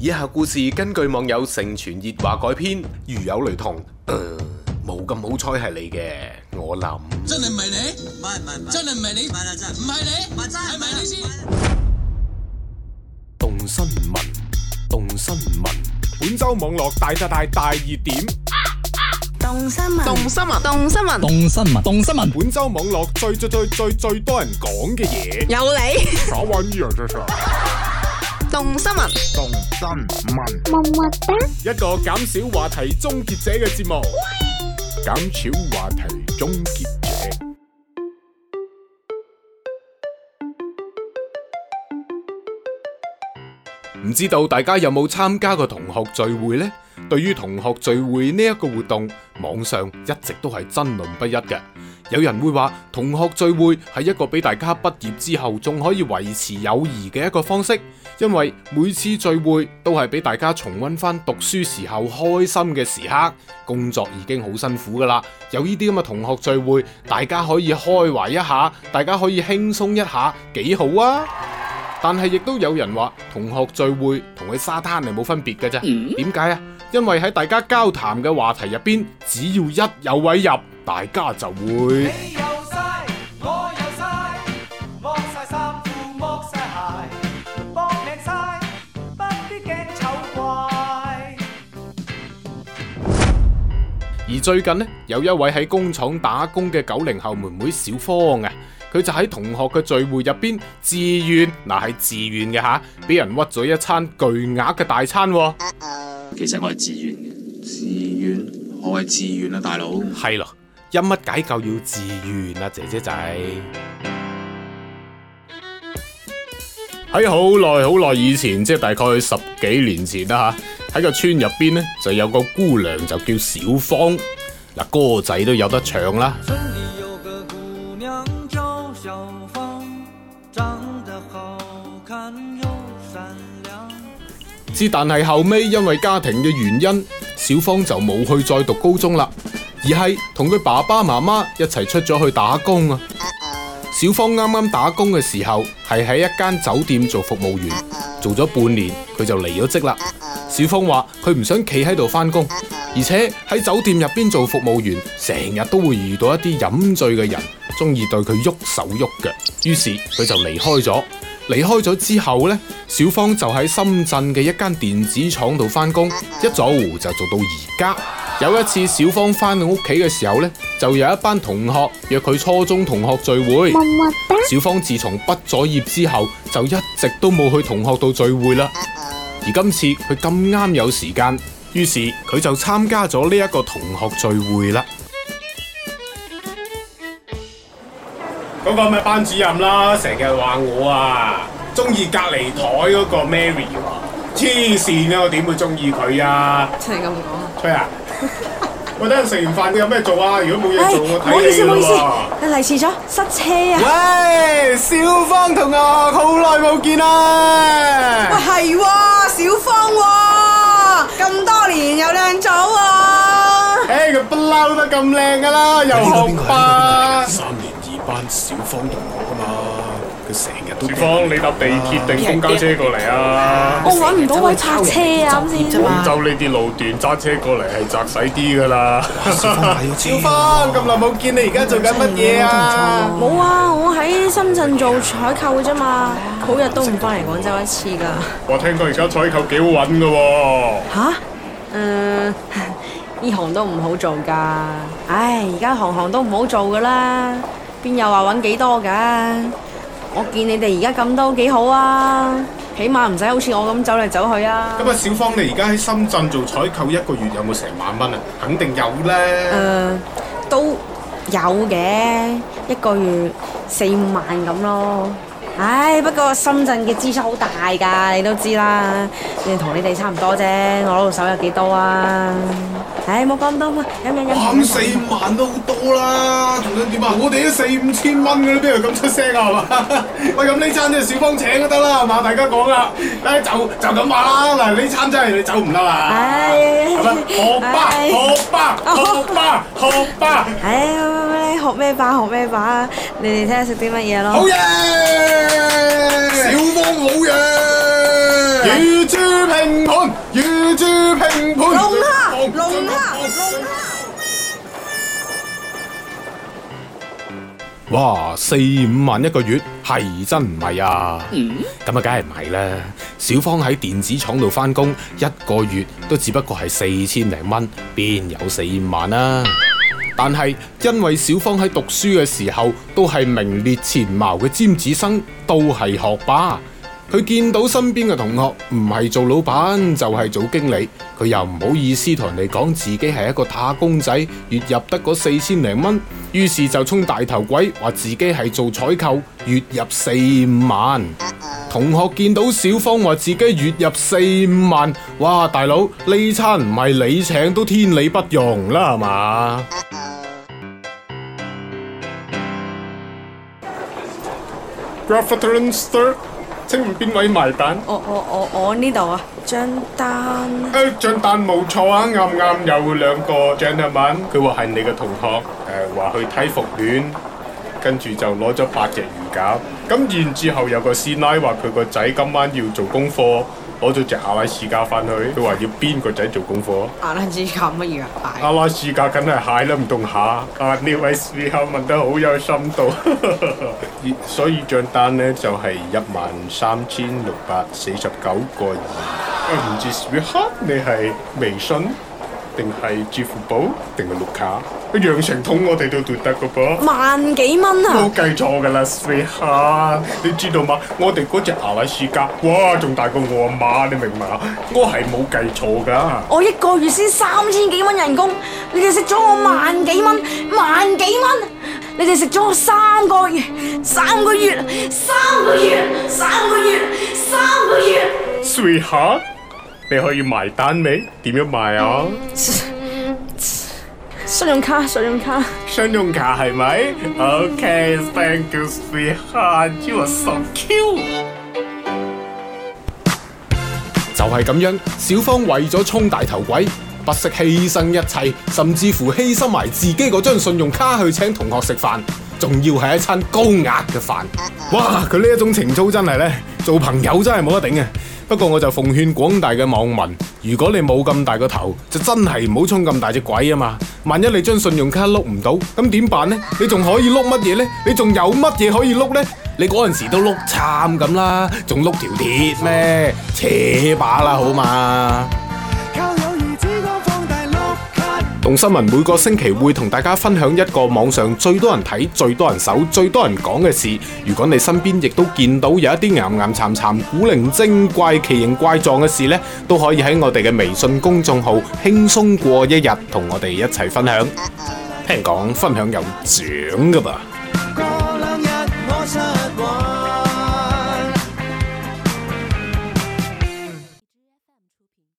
以下故事根據網友盛傳熱話改編，如有雷同，冇咁、呃、好彩係你嘅，我諗真係唔係你，唔係唔係唔係，真係唔係你，唔係、totally. right、你，係咪你先？動新聞，動新聞，本周網絡大大大大熱點，動新聞，動新聞，動新聞，動新聞，動新聞，本周網絡最最最最最多人講嘅嘢，有你耍玩依樣嘢先，動新聞，新聞，一個減少話題終結者嘅節目，減少話題終結者。唔知道大家有冇參加過同學聚會呢？對於同學聚會呢一個活動，網上一直都係爭論不一嘅。有人會話同學聚會係一個俾大家畢業之後仲可以維持友誼嘅一個方式，因為每次聚會都係俾大家重温翻讀書時候開心嘅時刻。工作已經好辛苦噶啦，有呢啲咁嘅同學聚會，大家可以開懷一下，大家可以輕鬆一下，幾好啊！但係亦都有人話同學聚會同去沙灘係冇分別嘅啫。點解啊？因為喺大家交談嘅話題入邊，只要一有位入。大家就會，鞋鞋不怪。而最近呢，有一位喺工廠打工嘅九零後妹妹小芳啊，佢就喺同學嘅聚會入邊，自願。嗱，係自願嘅吓，俾人屈咗一餐巨額嘅大餐。其實我係自願嘅，自願我係自願啊，大佬？係咯。因乜解救要自願啊，姐姐仔喺、哎、好耐好耐以前，即係大概十幾年前啦吓。喺、啊、個村入邊呢，就有個姑娘就叫小芳，嗱，歌仔都有得唱啦。知，但係後尾，因為家庭嘅原因，小芳就冇去再讀高中啦。而係同佢爸爸媽媽一齊出咗去打工啊！小芳啱啱打工嘅時候係喺一間酒店做服務員，做咗半年佢就離咗職啦。小芳話佢唔想企喺度翻工，而且喺酒店入邊做服務員成日都會遇到一啲飲醉嘅人，中意對佢喐手喐腳，於是佢就離開咗。離開咗之後呢，小芳就喺深圳嘅一間電子廠度翻工，一早就做到而家。有一次小芳翻到屋企嘅時候呢，就有一班同學約佢初中同學聚會。 小芳自從畢咗業之後，就一直都冇去同學度聚會啦。而今次佢咁啱有時間，於是佢就參加咗呢一個同學聚會啦。嗰個咩班主任啦，成日話我啊，中意隔籬台嗰個 Mary，黐線啦，我點會中意佢啊？真係咁講啊！我 等陣食完飯，你有咩做啊？如果冇嘢做，唉我睇嘢。唔好意思。你嚟遲咗，塞車啊！喂，小芳同學，好耐冇見啦！啊啊啊啊、喂，係喎，小芳喎，咁多年又靚咗喎。佢不嬲都咁靚噶啦，又學霸。三年二班小芳同學噶嘛？小芳，你搭地鐵定公交車過嚟啊？我揾唔到位泊車啊，先啫。廣州呢啲路段揸車過嚟係窄細啲噶啦。小芳，咁耐冇見你，而家做緊乜嘢啊？冇啊，我喺深圳做採購啫嘛，好日、啊、都唔翻嚟廣州一次噶。我、啊、聽講而家採購幾好揾噶喎。嚇、啊？呢、嗯、行都唔好做噶。唉，而家行行都唔好做噶啦，邊有話揾幾多噶？我見你哋而家咁都幾好啊，起碼唔使好似我咁走嚟走去啊。咁啊，小芳你而家喺深圳做採購一個月有冇成萬蚊啊？肯定有啦。誒、呃，都有嘅，一個月四五萬咁咯。唉、哎，不過深圳嘅支出好大噶，你都知啦。你同你哋差唔多啫，我攞到手有幾多啊？唉，冇咁多嘛，有有有。咁四萬都好多啦，仲想點啊？我哋都四五千蚊嘅啦，邊度敢出聲啊？係嘛？喂，咁呢餐都係小芳請都得啦，係嘛？大家講啦，誒，就就咁話啦。嗱，呢餐真係你走唔得啦。係。係咪？學霸，學霸，學霸，學霸。唉，學咩霸？學咩霸？你哋睇下食啲乜嘢咯。好嘢！小芳好嘢！乳豬拼盤，乳豬拼盤。哇，四五萬一個月係真唔係啊？咁啊、嗯，梗係唔係啦！小芳喺電子廠度翻工，一個月都只不過係四千零蚊，邊有四五萬啊？嗯、但係因為小芳喺讀書嘅時候都係名列前茅嘅尖子生，都係學霸。佢見到身邊嘅同學唔係做老闆就係、是、做經理，佢又唔好意思同人哋講自己係一個打工仔，月入得嗰四千零蚊，於是就充大頭鬼，話自己係做採購，月入四五萬。同學見到小芳話自己月入四五萬，哇大佬呢餐唔係你請都天理不容啦，係嘛？ 請問邊位埋單？我我我我呢度啊，張單，啊。誒、哎，張單冇錯啊，啱啱有兩個帳單文，佢話係你嘅同學，誒、呃、話去睇服戀，跟住就攞咗八隻魚餃。咁然之後有個師奶話佢個仔今晚要做功課。攞咗隻阿拉斯加翻去，佢話要邊個仔做功課？阿拉斯加乜嘢蟹？阿拉斯加梗係蟹啦，唔同下。啊，呢位師傅問得好有深度。所以賬單咧就係一萬三千六百四十九個二。唔知史密克，你係微信定係支付寶定係碌卡？羊城通我哋都奪得嘅噃，萬幾蚊啊！都計錯㗎啦，Sweetheart，你知道嘛？我哋嗰隻阿拉斯加，哇，仲大過我阿媽，你明唔明啊？我係冇計錯噶。我一個月先三千幾蚊人工，你哋食咗我萬幾蚊，萬幾蚊，你哋食咗我三個月，三個月，三個月，三個月，三個月。個月 Sweetheart，你可以埋單未？點樣埋啊？嗯信用卡，信用卡。信用卡係咪？Okay, thank you sweetheart. You are so cute。就係咁樣，小芳為咗冲大頭鬼，不惜犧牲一切，甚至乎犧牲埋自己個張信用卡去請同學食飯，仲要係一餐高額嘅飯。哇，佢呢一種情操真係咧，做朋友真係冇得頂嘅。不過我就奉勸廣大嘅網民，如果你冇咁大個頭，就真係唔好充咁大隻鬼啊嘛！萬一你張信用卡碌唔到，咁點辦呢？你仲可以碌乜嘢呢？你仲有乜嘢可以碌呢？你嗰陣時候都碌慘咁啦，仲碌條鐵咩？扯把啦好嘛？動身聞每個星期會同大家分享一個網上最多人睇、最多人搜、最多人講嘅事。如果你身邊亦都見到有一啲暗暗慘慘、古靈精怪、奇形怪狀嘅事呢，都可以喺我哋嘅微信公眾號輕鬆過一日，同我哋一齊分享。聽講分享有獎㗎噃。